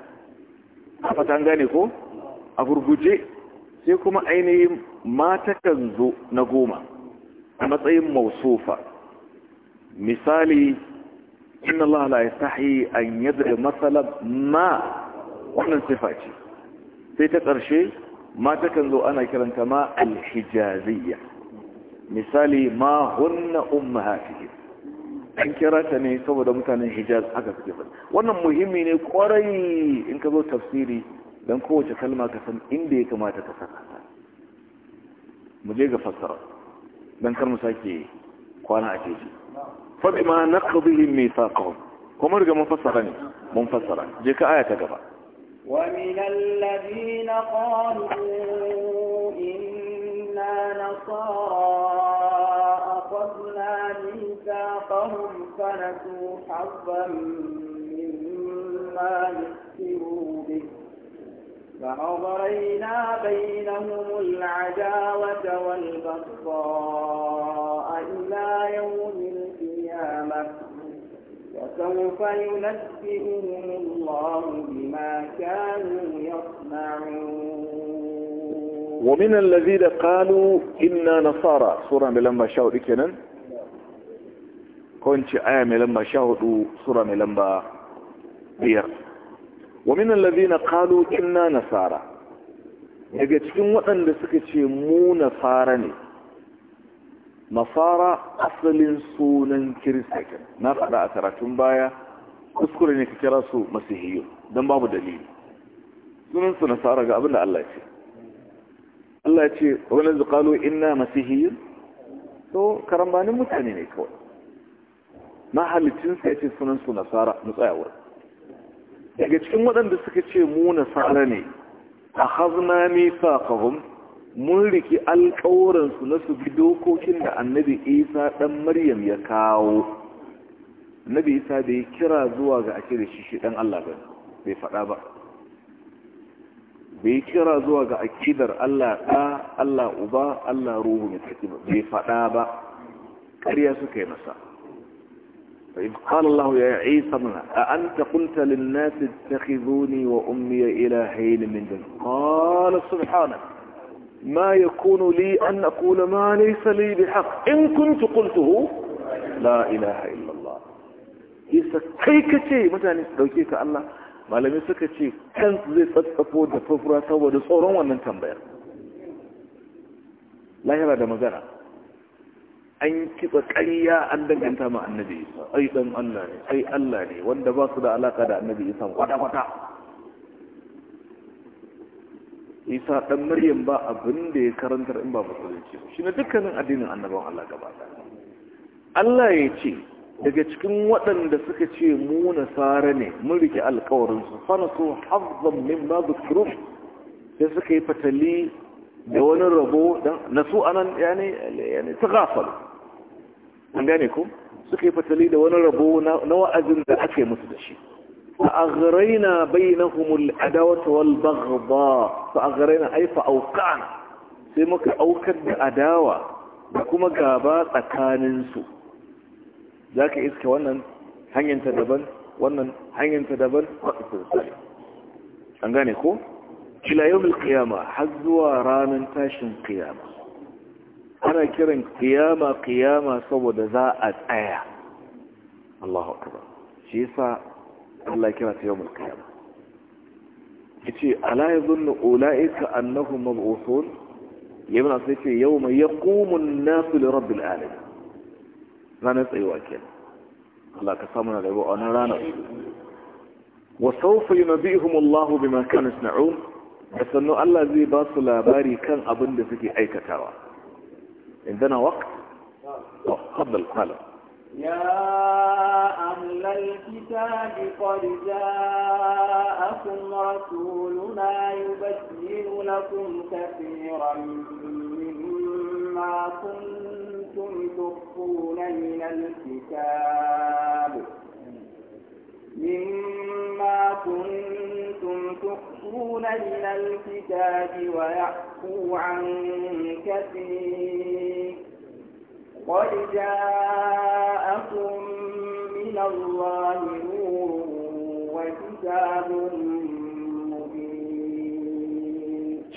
a fatan gane ko a gurguje sai kuma ainihin mata kan zo na goma a matsayin mausufa misali inna Allah la yastahi an yadda matsalar ma wannan sifa sai ta ƙarshe mata kan zo ana kiranta ma alhijaziyya misali ma hunna ummahatihim an kira ta ne saboda mutanen hijaz aka suke faɗi wannan muhimmi ne kwarai in ka zo tafsiri don kowace kalma ka san inda ya kamata ka saka mu je ga fassara don kar mu sake kwana a keji faɗi ma na ƙabihin mai saƙon kuma riga mun fassara ne mun fassara je ka aya ta gaba ومن الذين قالوا إنا نصارى أخذنا ميثاقهم فنسوا حظا مما ذكروا به فأغرينا بينهم العداوة والبغضاء إلى يوم فسوف ينبئهم الله بما كانوا يصنعون ومن الذين قالوا إنا نصارى سورة لما شاهدوا كنا كنت آية لما شاهدوا سورة لما بير ومن الذين قالوا إنا نصارى يجب أن waɗanda suka ce mu nasara ne nasara asalin sunan kirista na faɗa a karatun baya kuskure ne ka kira su masihiyu don babu dalili sunan su nasara ga abin da Allah ce Allah ce wani zuƙalo ina masihiyu so karambanin mutane ne kawai mahalicinsa sai ce sunan su nasara mutsayawar daga cikin waɗanda suka ce mu nasara ne a hazna nisa kahun mun riki alkawuransu na su bi dokokin da annabi isa ɗan maryam ya kawo annabi isa bai kira zuwa ga ake da shi shi ɗan allah ba bai faɗa ba bai kira zuwa ga akidar allah ɗa allah uba allah ruhu mai tsaki ba bai faɗa ba ƙarya suka yi masa فإذ قال الله يا عيسى ابن أأنت قلت للناس اتخذوني وأمي إلهين من دون قال سبحانك ما يكون لي أن أقول ما ليس لي بحق إن كنت قلته لا إله إلا الله يسا كيكتي متى نسدوكيك الله malami suka ce kan zai tsatsafo da fafura saboda tsoron wannan tambayar lahira da magana an kitsa ƙarya an danganta ma annabi isa ai Allah ne ai Allah ne wanda ba su da alaka da annabi isa kwata-kwata isa dan maryam ba abin da ya karantar in ba musulunci shi ne dukkanin addinin annabawan Allah gaba Allah ya ce daga cikin waɗanda suka ce mu nasara ne mun rike alƙawarin su fa min hazzan mimma dhukru sai suka yi fatali da wani rabo dan nasu anan yani yani gafal an gane ko suka yi fatali da wani rabo na wa'azin da ake musu da shi فأغرينا بينهم الأدوة والبغضاء فأغرينا أي فأوقعنا سيمك أوكد أداوة لكما قابات أكاننسو ذاك إذك وانا هنين تدبن وانا هنين تدبن an gane ko kila yawmil qiyama har zuwa ranar tashin qiyama ana kiran qiyama qiyama saboda za a tsaya Allahu akbar shi yasa الله يكرمك يوم القيامة ألا يظن أولئك أنهم مبعوثون يبنى سيكي يوم يقوم الناس لرب العالمين. لا أي واكين الله كسامنا لعبو أنا لا نفسي. وسوف ينبئهم الله بما كانوا يصنعون بس أنه الله ذي باص لا باري كان أبن في أي كتارا عندنا وقت قبل قالوا يا أهل الكتاب قد جاءكم رسولنا يبين لكم كثيرا مما كنتم تخفون من الكتاب مما كنتم تخفون من الكتاب ويعفو عن كثير قد جاءكم من الله نور وكتاب مبين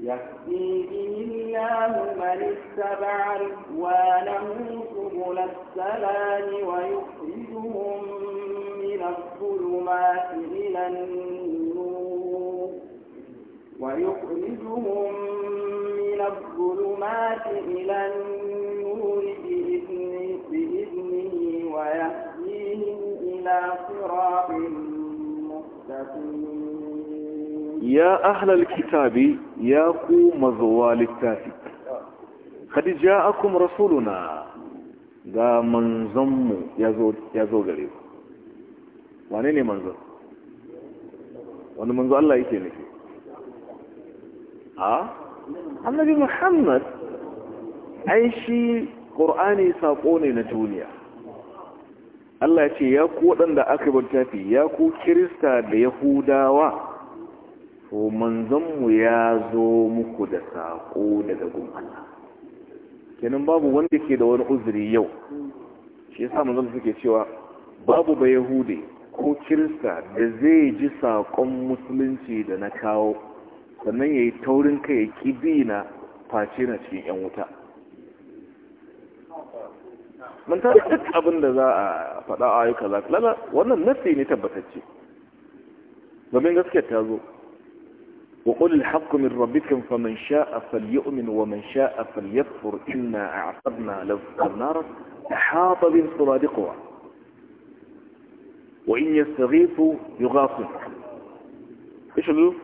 يهدي به الله من اتبع رضوانه سبل السلام ويخرجهم من الظلمات إلى النور ويخرجهم من الظلمات إلى النور بإذنه, بإذنه ويهديهم إلى صراط مستقيم يا أهل الكتاب يا قوم زوال التافي قد جاءكم رسولنا دا منظم يا زوج gare wane ne manzo wani manzo Allah yake nufi a annabi muhammad ai shi ƙur'ani saƙo ne na duniya Allah ce ya ku waɗanda aka bar tafi ya ku kirista da yahudawa to manzanmu ya zo muku da saƙo daga gun kenan babu wanda ke da wani uzuri yau shi yasa manzon suke cewa babu ba yahude ko kirista da zai ji saƙon musulunci da na kawo sannan ya yi taurin kai ya ƙibi na face na cikin 'yan wuta manta da duk abinda da za a faɗa a ayyuka za lala wannan nasi ne tabbatacce domin gaskiyar ta zo wa ƙulil haƙƙu min rabbikin fa man sha'a falyu'min wa man sha sha'a falyakfur inna a'tabna lahu nara da bihim suradiquha wa in yastaghifu yughasu ishlu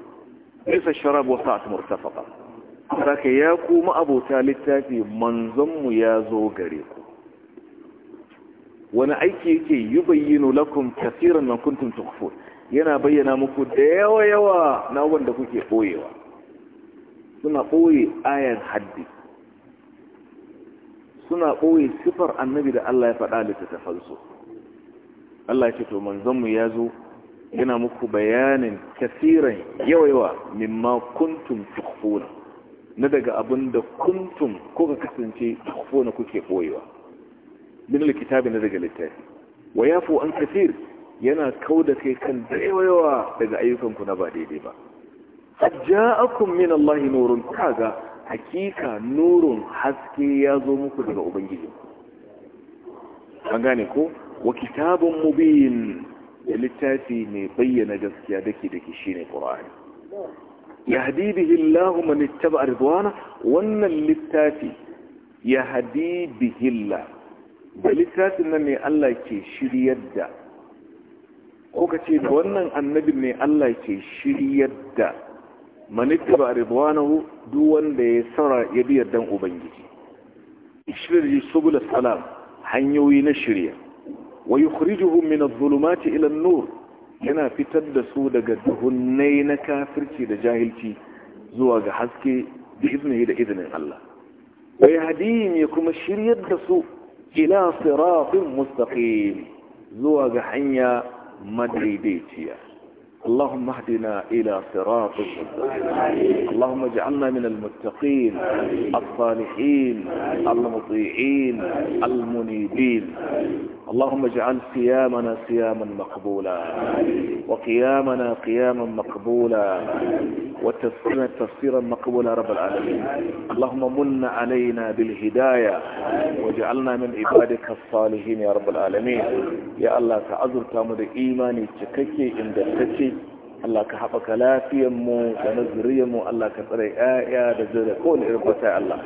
isa sharab wa sa'at murtafaqa saka ya kuma abota littafi manzon mu ya zo gare ku wani aiki yake yubayyinu lakum kaseeran man kuntum tukhfun yana bayyana muku da yawa yawa na wanda kuke boyewa suna boye ayar haddi suna boye sifar annabi da Allah ya faɗa littattafansu. Allah ya ce to manzon mu ya zo yana muku bayanin kasiran yawaiwa mimma kuntum tukhfuna na daga abin da kuntum kuka kasance tukhfuna kuke koyewa min alkitabi na daga littafi wa yafu an kasir yana kauda kai kan yawaiwa daga ayyukan ku na ba daidai ba ajja'akum min Allah nurun kaga hakika nurun haske ya zo muku daga ubangiji an gane ko wa kitabun mubin da littafi mai bayyana gaskiya dake dake shine qur'ani yahdi bihi Allahu man ittaba ridwana wannan littafi yahdi bihi Allah da littafin nan ne Allah ke shiryar da ko kace da wannan annabi ne Allah ke shiryar da man ittaba ridwanahu duk wanda ya saura ya biyar dan ubangiji shirin subul salam hanyoyi na shirya ويخرجهم من الظلمات إلى النور هنا في تدسوا لقده النين كافرتي لجاهلتي زواج حزكي بإذنه لإذن الله ويهديم يكم الشر يدسوا إلى صراط مستقيم زواج حنيا مدريديتيا اللهم اهدنا إلى صراطك اللهم اجعلنا من المتقين الصالحين المطيعين المنيبين اللهم اجعل صيامنا صياما مقبولا وقيامنا قياما مقبولا وتفسيرنا تفسيرا مقبولا رب العالمين اللهم من علينا بالهداية واجعلنا من عبادك الصالحين يا رب العالمين يا الله تعذر تامد إيماني تككي إن تككي Allah ka haɓaka lafiyanmu da na zuriyarmu Allah ka tsare 'ya'ya da zuriya kowane irin kwata Allah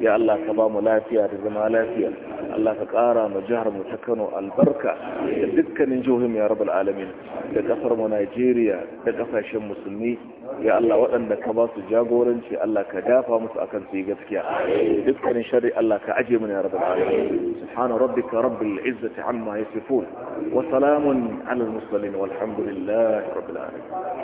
ya Allah ka ba mu lafiya da zama lafiya Allah ka ƙara ma jihar mu ta Kano albarka da dukkanin jihohin ya rabbal alamin da kasar mu Najeriya da kasashen musulmi ya Allah waɗanda ka ba su jagoranci Allah ka dafa musu akan su yi gaskiya dukkanin sharri Allah ka aje mu ya rabbal alamin subhana rabbika rabbil izzati amma yasifun wa salamun ala al mursalin walhamdulillahi rabbil alamin